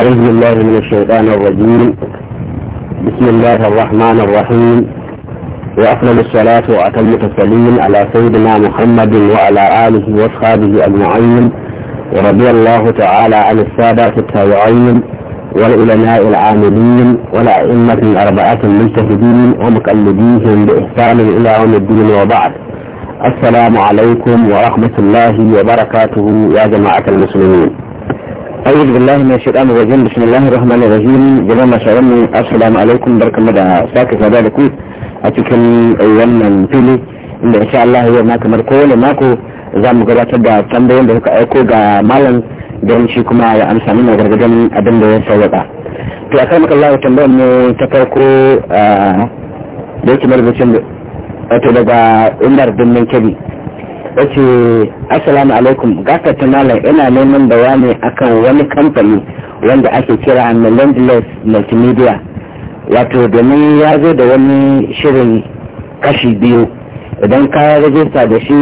أعوذ بالله من الشيطان الرجيم بسم الله الرحمن الرحيم وأفضل الصلاة وأتم التسليم على سيدنا محمد وعلى آله وأصحابه أجمعين ورضي الله تعالى عن السادة التابعين والعلماء العاملين والأئمة الأربعة المجتهدين ومقلديهم بإحسان إلى يوم الدين وبعد السلام عليكم ورحمة الله وبركاته يا جماعة المسلمين أعوذ بالله من الشيطان الرجيم بسم الله الرحمن الرحيم جماعة شعرني السلام عليكم بركة da ku a cikin wannan fili inda insha Allah yau ma kamar kowane mako za mu gabatar da tambayoyin da suka aiko ga malam don shi kuma ya amsa mana gargadin abin ya sauwaka to a kan tambayar mu ta farko da wato daga Umar Dimmin Kebbi ta ce assalamu alaikum gaka malam ina neman bayani akan wani kamfani wanda ake kira millennials multimedia wato domin ya zo da wani shirin kashi biyu idan ka rajista da shi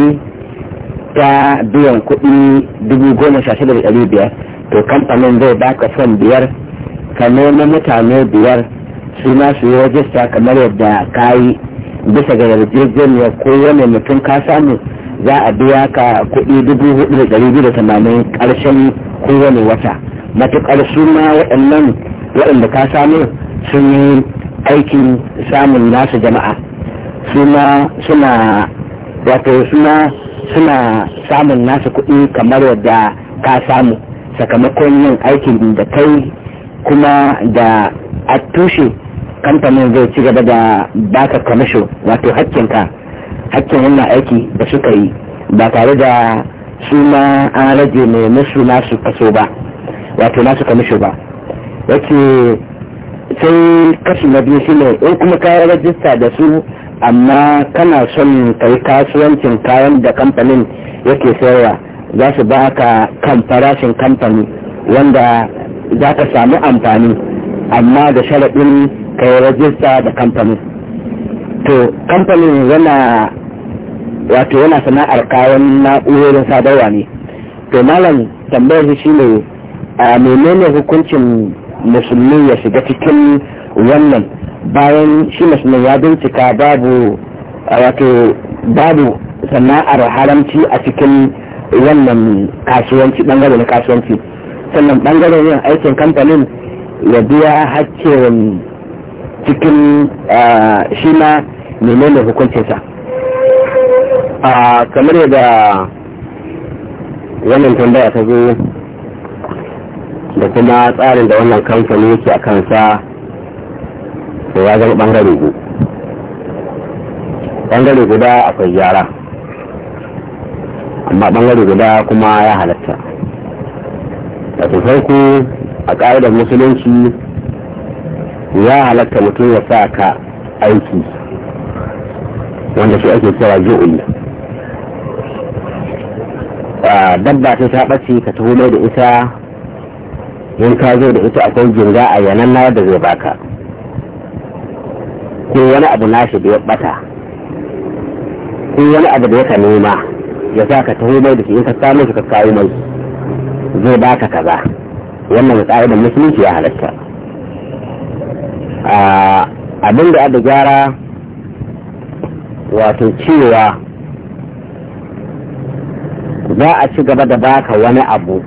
ta biyan kuɗi dubu da biyar to kamfanin zai baka son biyar ka nemi mutane biyar su ma su yi rajista kamar yadda ka yi bisa ga yarjejeniyar ko wani mutum ka samu za a biya ka kuɗi dubu hudu da ɗari biyu da tamanin ƙarshen kowane wata matuƙar su waɗannan waɗanda ka samu sun yi aikin samun nasu jama'a suna suna wato suna suna samun nasu kuɗi kamar wadda ka samu sakamakon yin aikin da kai kuma da a tushe kamfanin zai ci gaba da baka kwamisho wato hakkin ka. hakkin yana aiki da suka yi ba tare da su ma an rage mai musu nasu kaso ba wato nasu kamisho ba yace sai kashi na biyu shine in kuma kayan rajista da su amma kana son kai kasuwancin kayan da kamfanin yake sayarwa za su ba ka kan farashin kamfani wanda za ka samu amfani amma da sharaɗin kai rajista da kamfanin to kamfanin yana wato yana sana'ar kayan na'urorin sadarwa ne to malam tambayar shi ne a menene hukuncin musulmi ya shiga cikin wannan bayan shi musulmi ya bincika babu wato babu sana'ar haramci a cikin wannan kasuwanci bangare na kasuwanci sannan bangaren yin aikin kamfanin ya biya hakkin cikin ah, shi ma menene hukuncinsa ah, kamar yadda wannan tambaya ta zo da kuma tsarin da wannan kamfani yake a kansa da ya zama bangare biyu bangare guda akwai gyara amma bangare guda kuma ya halatta da farko a ƙa'idar musulunci ya halatta mutum ya sa ka aiki wanda shi ake cewa jo'ul dabba ta ta ɓace ka taho mai da ita in ka zo da ita akwai jinga a yanan na da zai baka ko wani abu nashi da ya ɓata. ko wani abu da ya ka nema ya sa ka taho mai da shi in ka samu shi ka kawo mai zai baka kaza wannan da musulunci ya halatta abin da aka gyara wato cewa za a ci gaba da baka wani abu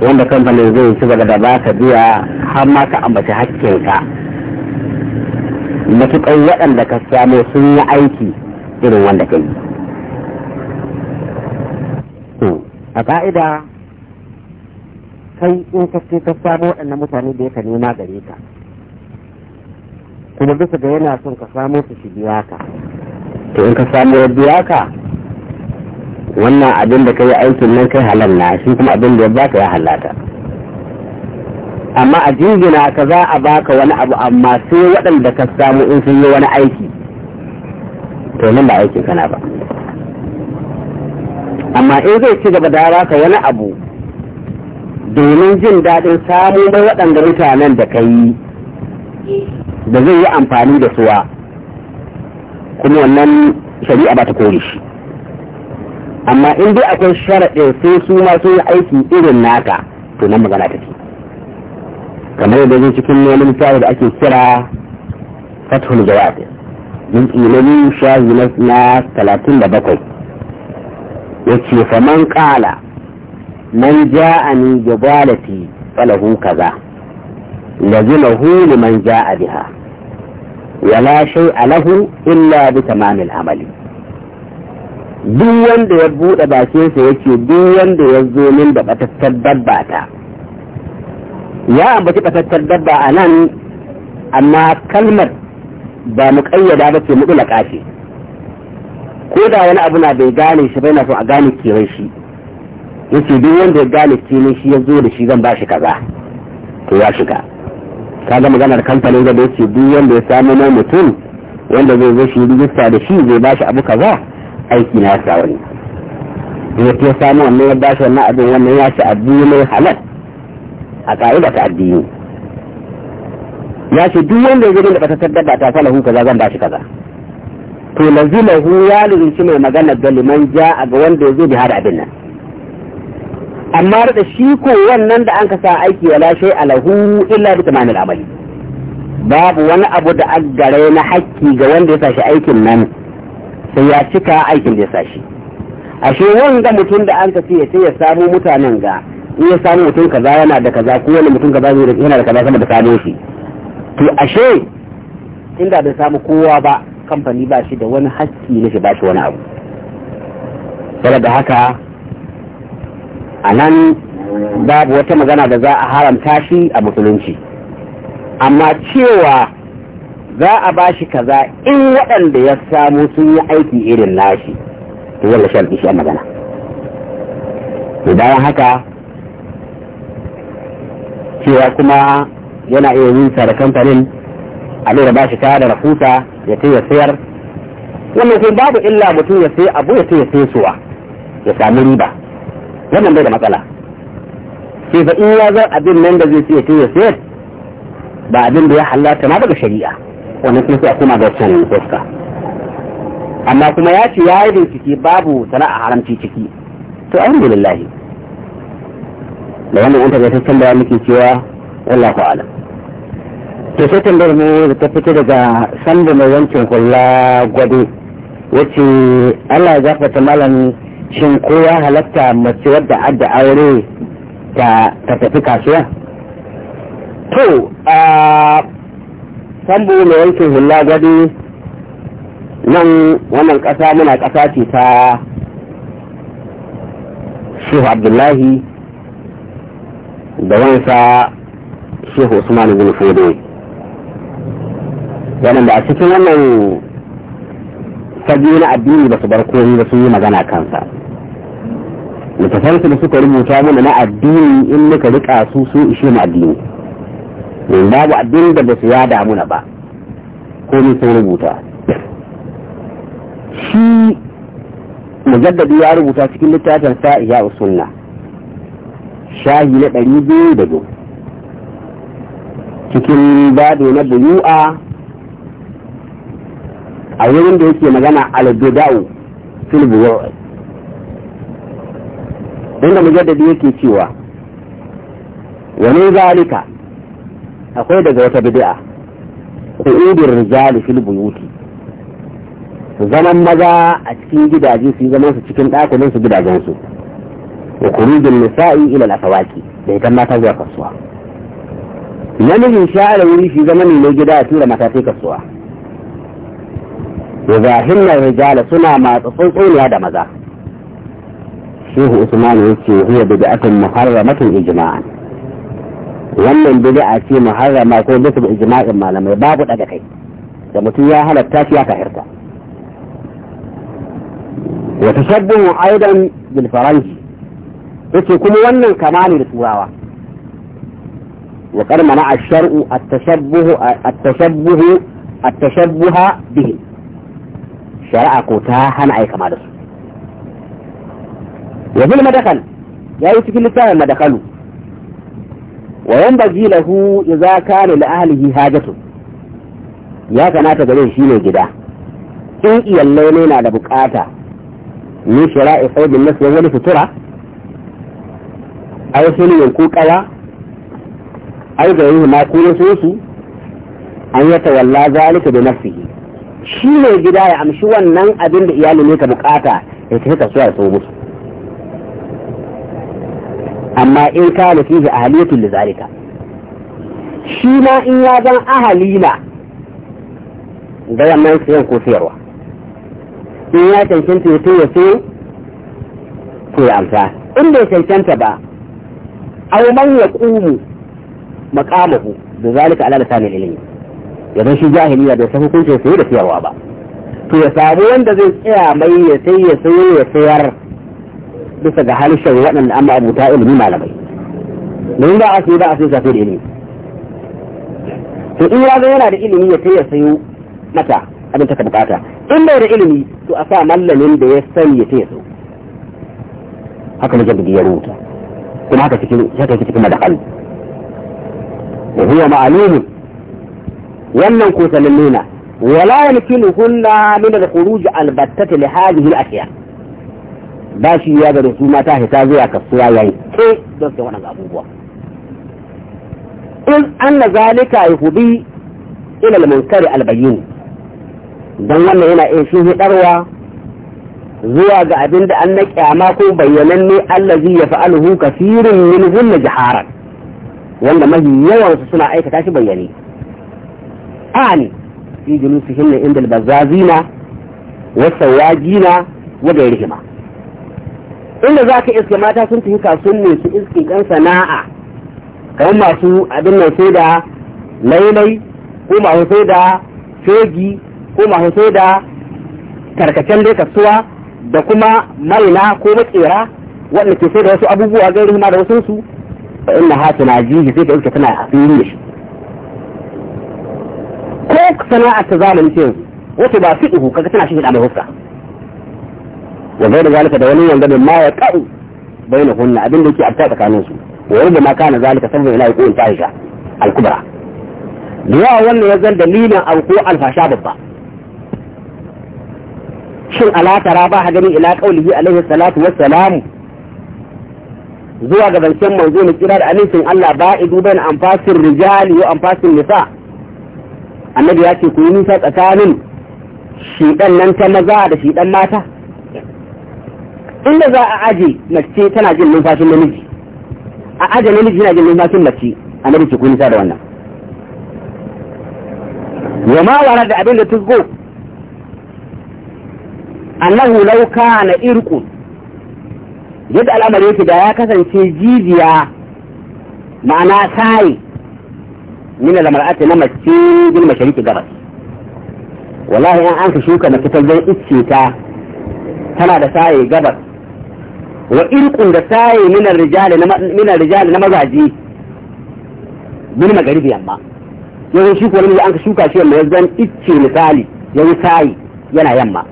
wanda kamfanin zai ci gaba da baka biya har ma ka ambaci hakkinka matuƙar waɗanda ka samu sun yi aiki irin wanda ka yi a ƙa'ida kai in ka ce ka samu waɗannan mutane da ya ka nema gare ka kuma bisa ga yana son ka samu su shi biyaka to in ka samu ya biyaka wannan abin da ka yi aikin nan kai halal na shi kuma abin da ya baka ya halata amma a jingina ka za a baka wani abu amma sai waɗanda ka samu in sun yi wani aiki to nan ba aikin kana ba amma in zai ci gaba da baka wani abu domin jin daɗin samu mai waɗanda mutanen da ka yi da zai yi amfani da suwa kuma wannan shari'a ba ta kore shi amma in dai akwai sharaɗin sai su ma sun yi aiki irin naka to nan magana ta ce kamar yadda zai cikin wani misali da ake kira fathul jawab min ilimin shahi na talatin da bakwai ya ce faman ƙala man ja'ani jabalati falahu kaza لزمه لمن جاء بها ولا شيء له إلا بتمام العمل duk wanda ya buɗe bakinsa ya ce duk wanda ya zo min da batattar dabba ta ya ambaci batattar dabba a nan amma kalmar ba mu ƙayyada ba ce mutulaka ce ko da wani abu na bai gane shi bai na so a gane kiran shi ya ce duk wanda ya gane kiran shi ya zo da shi zan ba shi kaza to ya shiga ka ga maganar kamfanin da ce duk wanda ya samu mai mutum wanda zai zo shi rijista da shi zai bashi abu kaza aiki na sa wani zai ya samu wannan ya bashi wannan abin wannan ya ce addini mai halal a ƙa'ida ta addini ya ce duk wanda ya zo da bata tabbata ta falahu kaza zan bashi kaza to lazimahu ya lulunci mai maganar da liman ja a ga wanda ya zo bi hada abin nan amma da shi ko wannan da an ka sa aiki wala shay alahu illa bi tamamil amali babu wani abu da an gare na hakki ga wanda ya sashi aikin nan sai ya cika aikin da ya sashi ashe wanda mutum da an ka ce sai ya samu mutanen ga in ya samu mutum kaza yana da kaza ko wani mutum kaza yana da kaza sama da samo shi to ashe inda bai samu kowa ba kamfani ba shi da wani hakki na shi ba shi wani abu saboda haka a nan babu wata magana da za a haramta shi a musulunci amma cewa za a ba shi kaza in waɗanda ya samu sun yi aiki irin nashi to yalla shan shi a magana bayan haka cewa kuma yana iya yin da kamfanin a lura ba shi kaya da rahusa ya ce ya sayar wannan sai babu illa mutum ya sai abu ya ce ya sai suwa ya sami riba wannan bai da matsala sai fa in ya zar abin nan da zai ce ya sayar ba abin da ya halatta ma daga shari'a wannan kuma sai a koma ga wancan fuska amma kuma ya ce ya yi bincike babu sana'a haramci ciki to alhamdulillah da wannan wata ga sassan da muke cewa wallahu a'la. to sai tambayar mu da ta fito daga sanda mai wankin kula gwado wacce Allah ya gafarta malami. shin ko ya halatta mace wadda adda aure ta tafi kasuwa to a sambo mai yankin hula gari nan wannan kasa muna ƙasa ce ta shehu abdullahi da wansa shehu usman bin fodo da a cikin wannan fage na addini ba su bar komi ba sun yi magana kansa littafansu da suka rubuta mana na addini in muka rika su su ishe mu addini in babu addini da ba su yada muna ba ko ni sun rubuta shi mujaddadi ya rubuta cikin littafin sa iya usunna shahi na ɗari biyu da biyu cikin bado na buyu'a a wurin da yake magana albidau fil buyu'a inda mujaddadi yake cewa wani zalika akwai daga wata bid'a qu'udur rijali fil buyuti zaman maza a cikin gidaje su zama su cikin dakunan su gidajen su wa khurujul nisa'i ila al-afawaki da ita mata zuwa kasuwa namijin sha'ar wuri shi zaman ne gida a tura mata sai kasuwa wa zahinnar rijala suna matsa tsuntsuniya da maza shehu usman ya ce hiya bid'atun muharramatun ijma'an wannan bid'a ce muharrama ko bisa ijma'in malamai babu daga kai da mutum ya halatta shi ya kahirta wa tashabbuhu aidan bil faransi yace kuma wannan kamani da turawa wa qad mana ash-shar'u at-tashabbuhu at-tashabbuhu at-tashabbuha bihi shari'a ko ta hana ai kama da su wa fil ya yayi cikin littafin madakalu wa yanbaghi lahu idza kana li ahlihi hajatu ya kamata gare shi ne gida in iyalle ne na da bukata ni shira'i saibin nasu wani fitura ai sun ku kawa ai ga yi ma kuma so su an yata walla zalika da nafsi shi ne gida ya amshi wannan abin da iyali ne ka bukata ya tafi kasuwa ya so musu amma in ka na fihi ahaliyatun da zalika shi ma in ya zan ahali na da yamman siyan ko siyarwa in ya cancanta ya to ya so ko ya amsa in bai cancanta ba aw man yaqumu maqamahu da zalika ala lisan ilmi zan shi jahili bai san hukuncin sai da siyarwa ba to ya samu wanda zai tsaya mai ya sai ya sayo ya sayar bisa ga halishin waɗanda an ma'abuta ilimi malamai domin ba a sai ba a sai safi da ilimi to in ya ga yana da ilimi ya kai ya sayo mata abin ta bukata in bai da ilimi to a sa mallamin da ya sani ya kai ya sayo haka mujaddidi ya rubuta kuma haka cikin haka cikin madakal wa huwa ma'lumun wannan ko sananne na wala yamkinuhunna min al-khuruj al-battati li hadhihi al-ashya' ba shi ya gare su mata hita zuwa kasuwa yayi ke don sai waɗanda abubuwa in anna zalika yahudi ila al-munkari al-bayyin dan wannan yana iya shi hidarwa zuwa ga abin da an na kyama ko bayyananne zai ya fa'aluhu kasirin min hunna jaharan wanda mahi yawan su suna aikata shi bayyane ani fi julusihin inda al-bazazina wa wa gairihima inda za ka iske mata sun tafi ne su iske ɗan sana'a kamar masu abin nan sai da lailai ko masu sai da shogi ko masu sai da karkacen dai kasuwa da kuma maina ko makera wanda ke sai da wasu abubuwa zai ma da wasu su ba ina hatu na jihi sai da iska tana a fili da shi ko sana'ar ta zalunce ce ba fi ɗuhu kaga tana shi mai huska wa zai da zalika da wani wanda ma ya ka'u bai na hunna abinda yake abta tsakanin su wa wanda ma kana zalika saboda ina yaƙo in Aisha. Alkubara. da yawa wannan ya zan dalilin auku alfasha babba shin alatara ba ha gani ila kaulihi alaihi salatu salamu? zuwa ga zancen manzo na kira da amincin Allah ba idu bayan amfasin rijali wa amfasin nisa annabi ya ce ku yi nisa tsakanin shiɗan nan ta maza da shiɗan mata inda za a aje mace tana jin numfashin namiji a aje namiji yana jin numfashin mace a nabi ce kun da wannan wa ma wara da abin da tuzgo annahu law kana irqu yadda al'amari yake da ya kasance jijiya ma'ana sai min al-mar'ati na mace bil mashariki gabas wallahi an an shuka mace ta zai icce ta tana da saye gabas wa irkun da saye minar rijali na minar rijali na mazaji bil magaribi yamma yanzu shi kuwa an ka shuka shi yamma yanzu icce misali yayi tayi yana yamma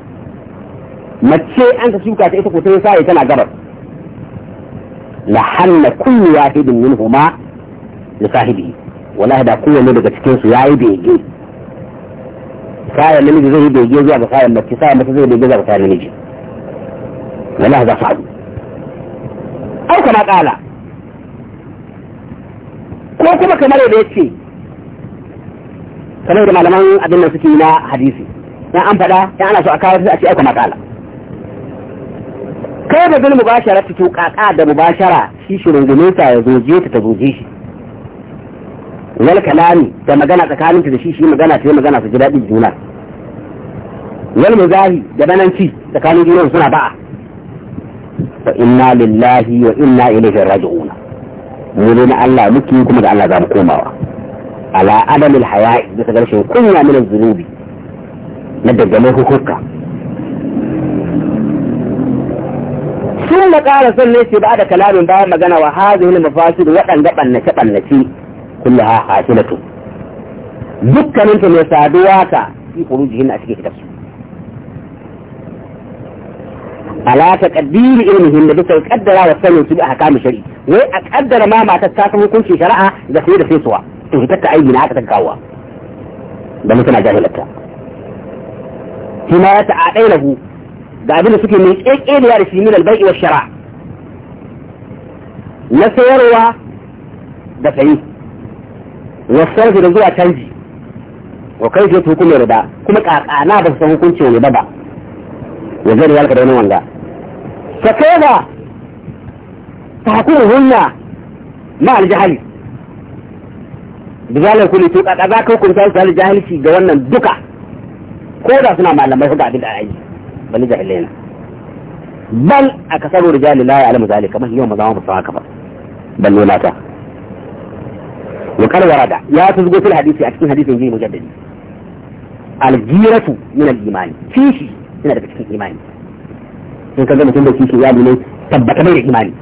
mace an ka shuka ta ita ko ta sai tana gabas la hanna kullu wahidin minhuma li sahibi wallahi da kowanne daga cikin su yayi bege sayan namiji zai yi bege zuwa ga sayan mace sai mace zai bege zuwa ga sayan namiji wallahi za su haɗu Auka kama kala ko kuma kamar yadda yace kamar da malaman abin nan suke na hadisi na an faɗa ya ana so a kawo sai a ce auka kama kala kai da bil mubashara ta tuƙaƙa da mubashara shi shi runguminsa ya zoje ta ta zoje shi wal kalami da magana tsakaninta da shi shi magana ta magana su ji daɗin juna wal muzahi da bananci tsakanin juna suna ba'a wa inna lillahi wa inna ilaihi raji'un mu ne na Allah muke kuma da Allah za mu komawa ala adamil haya'i da ta rashin kunya min zunubi na daggame hukunka sun da ƙara son ne ce ba da kalamin bayan magana wa hazin mafasid waɗanda ɓannace ɓannace kullu ha hasilatu dukkanin ta mai saduwa ta fi kurujihin a cikin kitabsu ala ta kaddiri ilmihin da bisa kaddara wa sanin su bi ahkamu shari'i wai a kaddara ma matar ta san hukuncin shari'a da sai da sai suwa to ita ta aiki na aka ta kawo da mutuna jahilarta kuma ya ta'adai lahu da abin da suke mai kekere da yare shi min albai wa shara na sayarwa da sayi wasu da zuwa canji wa kai ce hukumar da kuma kakana ba su san hukuncin riba ba ya zai yalka da wani wanga ga فكيف تحكمهن مع da bizalar kuli to kada za ka hukunta su hali jahilci ga wannan duka ko da suna malamai hudu abin da ba ni jahilai na bal a kasar rijali la ya'lamu zalika kamar yau mazama ba haka ba Ban Nuna ta wa kal warada ya tuzgo fil hadisi a cikin hadisin ji mujaddadi al jiratu min al imani fishi yana daga cikin imani in ka ga mutum da kishin iyali ne tabbata bai da imani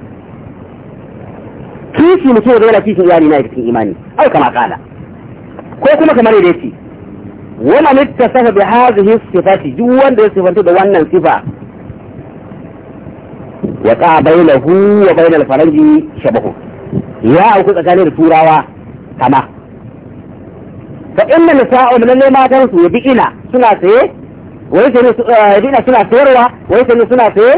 kishi mutum da zauna kishin iyali na ya cikin imani au kama kala ko kuma kamar yadda yake wala littasafa bi hadhihi sifati duk wanda ya sifanta da wannan sifa ya ka bainahu wa bainal faranji shabahu ya auku tsakanin da turawa kama fa inna nisa'u min al-matan su bi ina suna saye wai sai eh, dina suna sayarwa wai sai suna saye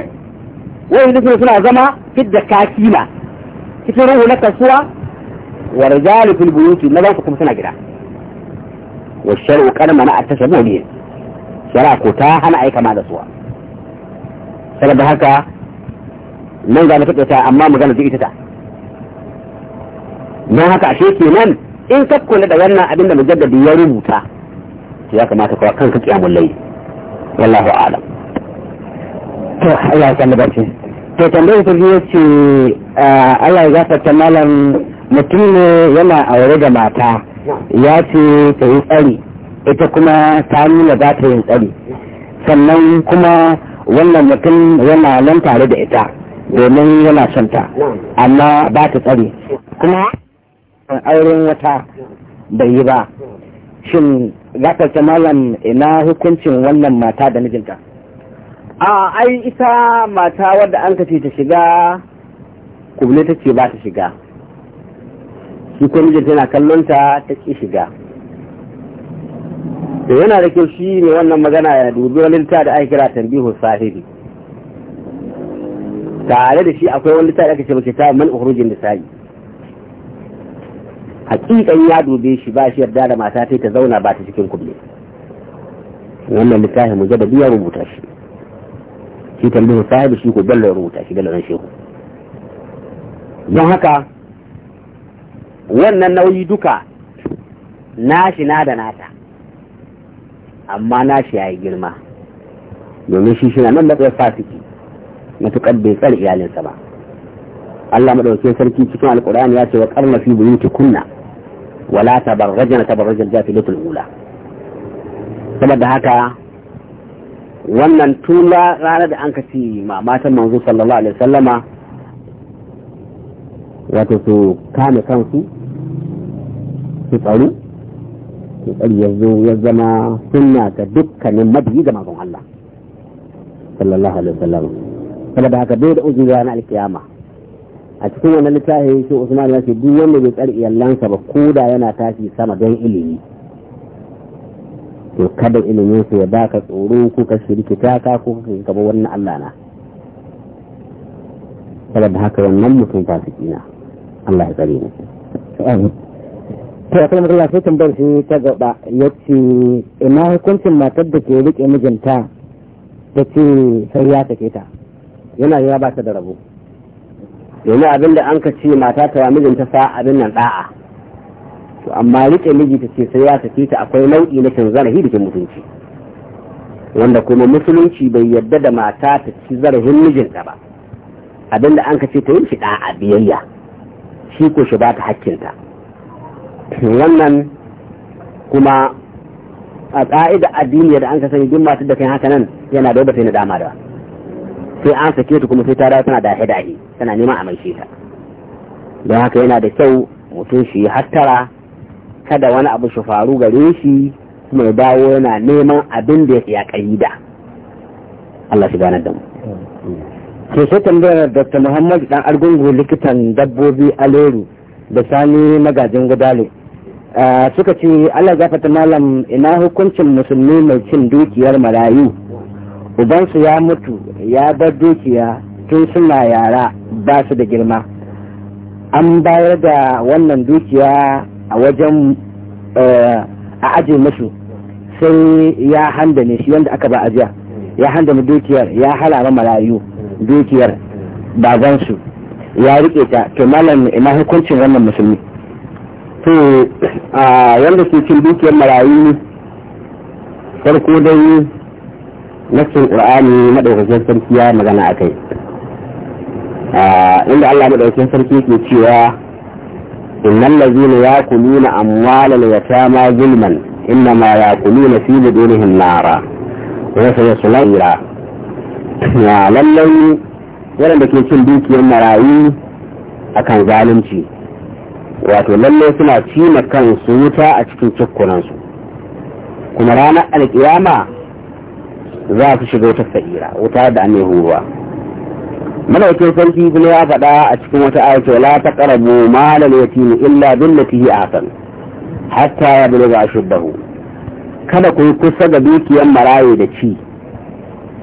wai sai suna zama fidda kakina cikin ruhu na kasuwa wa rijalu fil buyuti na ba kuma suna gida wa shar'u kana mana a tashabu ne shara ko ta hana aika ma da suwa saboda haka nan ga na ta amma magana zai ita ta don haka ashe kenan in ka kakkula da wannan abin da mujaddadi ya rubuta ya kamata ka kanka kiyamul layl wallahu a'lam to Allah ya san da to tambayar ta biyu ce eh, Allah ya gafarta malam mutum ne yana aure da mata ya ce ta yi tsari ita kuma ta nuna za ta yi tsari sannan kuma wannan mutum yana nan tare da ita domin yana son ta amma ba ta tsari kuma auren wata bai yi ba shin ta malam ina hukuncin wannan mata da mijinta a ai ita mata wadda an ce ta shiga kubule ta ce ba ta shiga shi ko mijinta yana kallon ta ta ki shiga to yana da kyau shi ne wannan magana ya dubi wani ta da ake kira tambihu sahibi tare da shi akwai wani ta da aka ce mace ta man ukhrujin nisa'i hakikan ya dube shi ba shi yarda da mata ta zauna ba ta cikin kulle wannan littafin mu jaba biya rubuta shi shi tambayin sahibi shi ko bello rubuta shi bello shehu don haka wannan nauyi duka nashi na da nata amma nashi ya yi girma domin shi shi na nan matsayar fasiki matuƙar bai tsar iyalinsa ba Allah madaukakin sarki cikin alƙur'ani ya ce wa karna fi buyuti kunna wala tabarrajna tabarrajal jahiliyatul ula saboda haka wannan tula ranar da an kaci matan manzo sallallahu alaihi wasallama wato su kame kansu su tsaru su tsari ya zo ya zama sunna ga dukkanin mabiyi ga mazan Allah sallallahu alaihi wasallam saboda haka bai da uzuri ranar alkiyama a cikin wannan littafin shi Usman ya ce duk wanda bai tsare iyalansa ba ko da yana tashi sama don ilimi to kada ilimin su ya baka tsoro ko ka shirki ka ko ka gaba wannan Allah na saboda haka wannan mutum fasiki na Allah ya tsare mu to akwai matsala sai tambayar shi ta gaba ya ce ina hukuncin matar da ke rike mijinta ta ce sai ya take ta yana ya ba ta da rabo domin abin da an ka ce mata ta mijinta sa abin nan da'a to amma rike miji ta ce sai ya sake ta akwai nau'i na cin zarafi da cin mutunci wanda kuma musulunci bai yadda da mata ta ci zarafin mijinta ba abin da an ka ce ta yi shi biyayya shi ko shi ba ta hakkinta wannan kuma a ƙa'ida addini da an ka sani duk masu da kai haka nan yana da wata na dama da sai an sake ta kuma sai ta dawo tana dahe dahe tana neman a maishe ta don haka yana da kyau mutum shi hattara kada wani abu shi faru gare shi kuma ya dawo yana neman abin da ya da Allah shi ganar da mu ke sai tambayar Dr. Muhammad dan argungu likitan dabbobi Aleru da Sani magajin gudale ah, suka ce Allah zafata malam ina hukuncin musulmi mai cin dukiyar marayu ubansu ya mutu ya bar dukiya tun suna yara ba su da girma an bayar da wannan dukiya a wajen eh, a ajiye musu sai ya handame shi wanda aka ba ajiya ya mu dukiyar ya halama marayu dukiyar babansu ya rike ta to malam ina hukuncin wannan musulmi to a yanda ke cin dukiyar marayu farko dai nassin qur'ani madaukakin sarki ya magana kai inda Allah madaukakin sarki ke cewa innal ladzina yakuluna amwalal yatama zulman innama yakuluna fi budunihim nara wa sayaslawna ya lallai waɗanda ke cin dukiyar marayu akan zalunci wato lalle suna cima kansu wuta a cikin cikkunansu kuma ranar alƙiyama za su shiga wata sa'ira wuta da ne huruwa malaikin sarki kuma ya faɗa a cikin wata ayata la taqrabu malal yatim illa lati hi ahsan hatta yablugha ashuddahu kada ku kusa ga dukiyar maraye da ci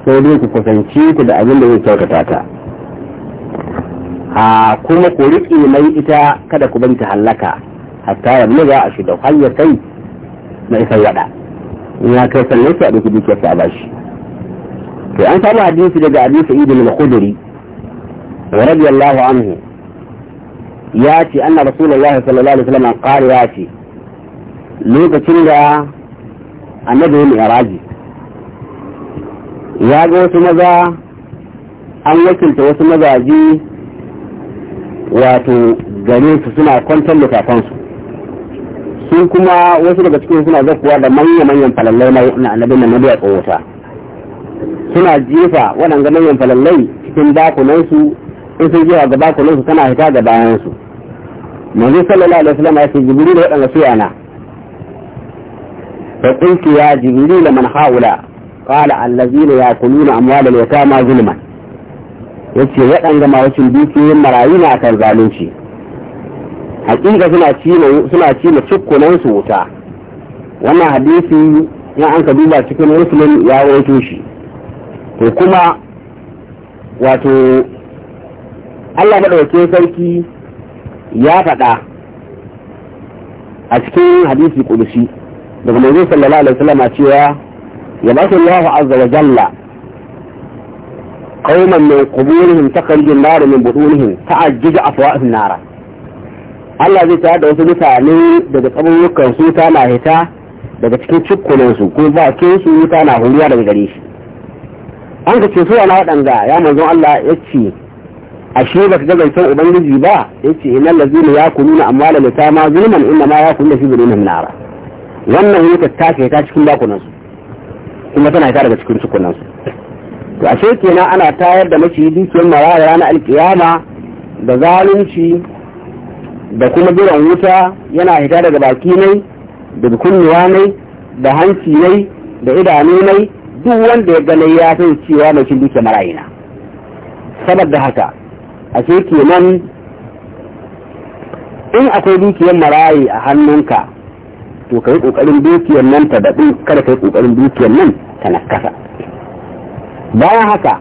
sai dai ku kusanci ku da abin da zai kyautata ta a kuma ku riƙe mai ita kada ku banta hallaka hatta za a har hanyar kai mai sai wada ya kai sannan sai a ɗauki dukiyar a bashi to an samu hadisi daga Abi Sa'id al-Khudri radiyallahu anhu ya ce anna Rasulullah sallallahu alaihi wasallam qala ya ce lokacin da annabi ya mi'raji ya ga wasu maza an wakilta wasu mazaje wato gare su suna kwantar lukakansu sun kuma wasu daga cikin suna zakuwa da manya-manyan falallai na annabin na biya tsawota suna jefa waɗanda manyan falallai cikin bakunansu in sun jefa ga bakunansu tana hita ga bayansu manzo sallallahu alaihi wasallam ya ce jibril waɗanda su ana fa qultu ya jibril man haula qala allazina yakuluna al yatama zulman yace waɗanda ma wacin dukiyoyin marayu na kan zalunci hakika suna ci suna ci wuta wannan hadisi in an ka duba cikin muslim ya wato shi to kuma wato Allah maɗaukin sarki ya faɗa a cikin hadisi kudusi daga manzo sallallahu alaihi wasallam cewa ya ba Allah azza wa jalla qauman min quburihim takhriju an-nar min butunihim ta'ajjij an nara Allah zai tayar da wasu mutane daga tsabarukan su tana hita daga cikin cikkunan su ko bakin su tana huriya daga gare shi an ka ce suwa na waɗanda ya manzon Allah ya ce ashe baka ga uban ubangiji ba ya ce inna lazina ya kununa amma da ma zulman inna ma ya shi fi na nara wannan ta take ta cikin bakunan kuma tana ta daga cikin sukunan su to ce kenan ana tayar da maciji dukiyar maraya ranar alkiyama da zalunci da kuma biran wuta yana hita daga baki mai da kunnuwa nai da hanci nai da idanu mai. duk wanda ya gane ya san cewa mai cin duke marayina saboda haka a ce kenan in akwai dukiyar marayi a hannunka to ka yi ƙoƙarin dukiyar nan ta daɗi kada ka yi ƙoƙarin dukiyar nan ta nakasa bayan haka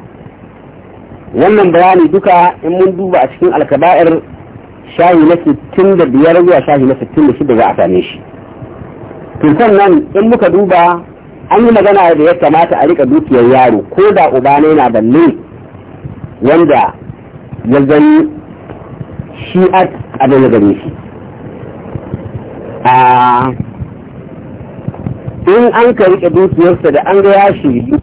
wannan bayani duka in mun duba a cikin alkaba'ir shahi na sittin da biyar zuwa shahi na sittin da shida za a same shi tun sannan in muka duba an yi magana da ya kamata a rika dukiyar yaro ko da uba ne na ne wanda ya zan shi a abin da shi in an ka rike dukiyarsa da an ga ya shiri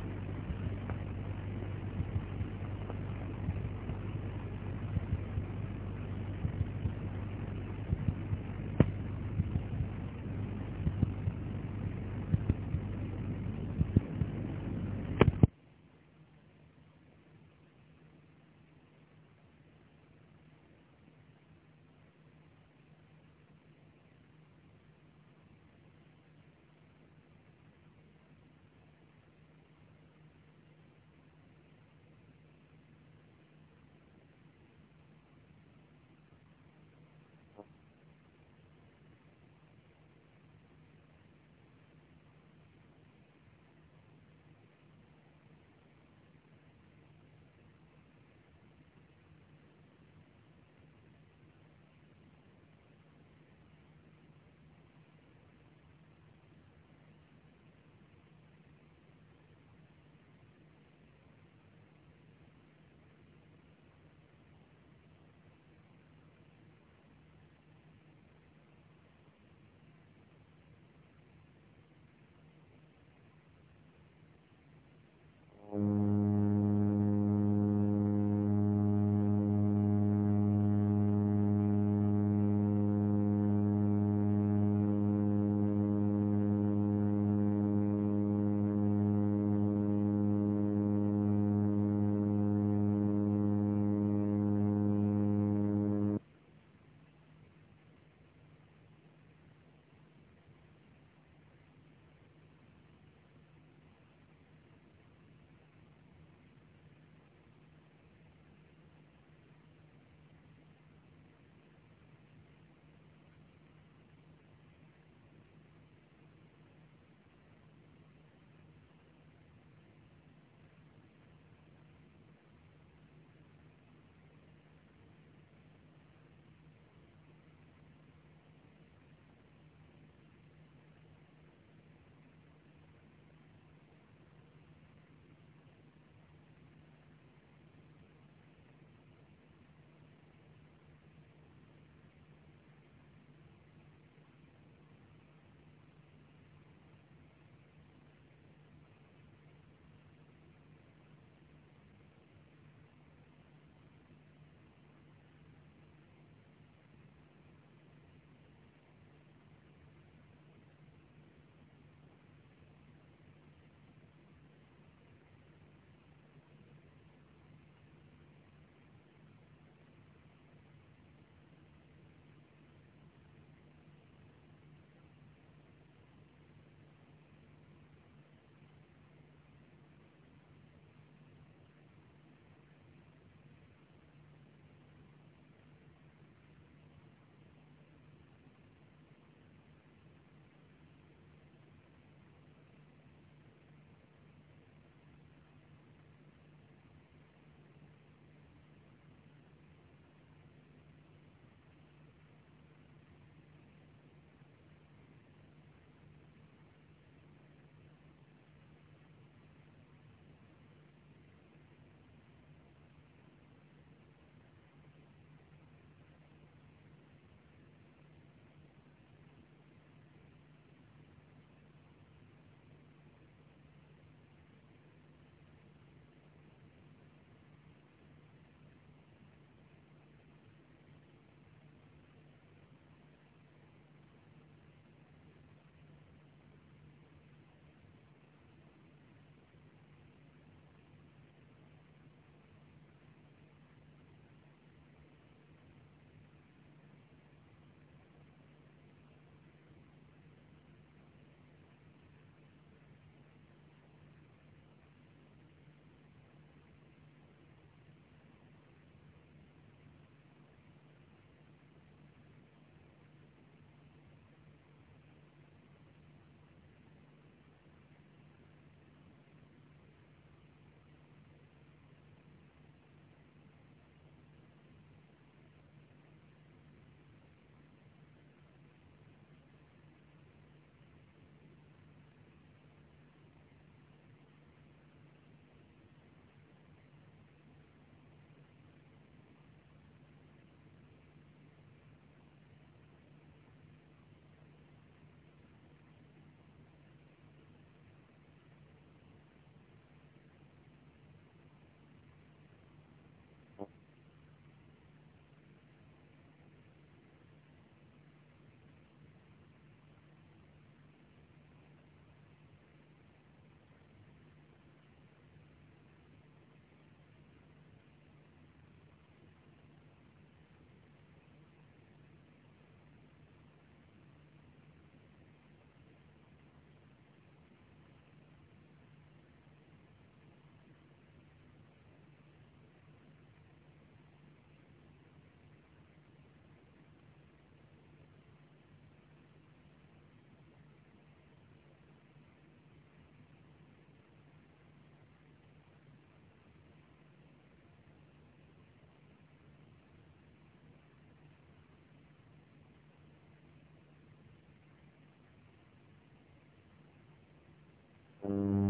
Mm-hmm.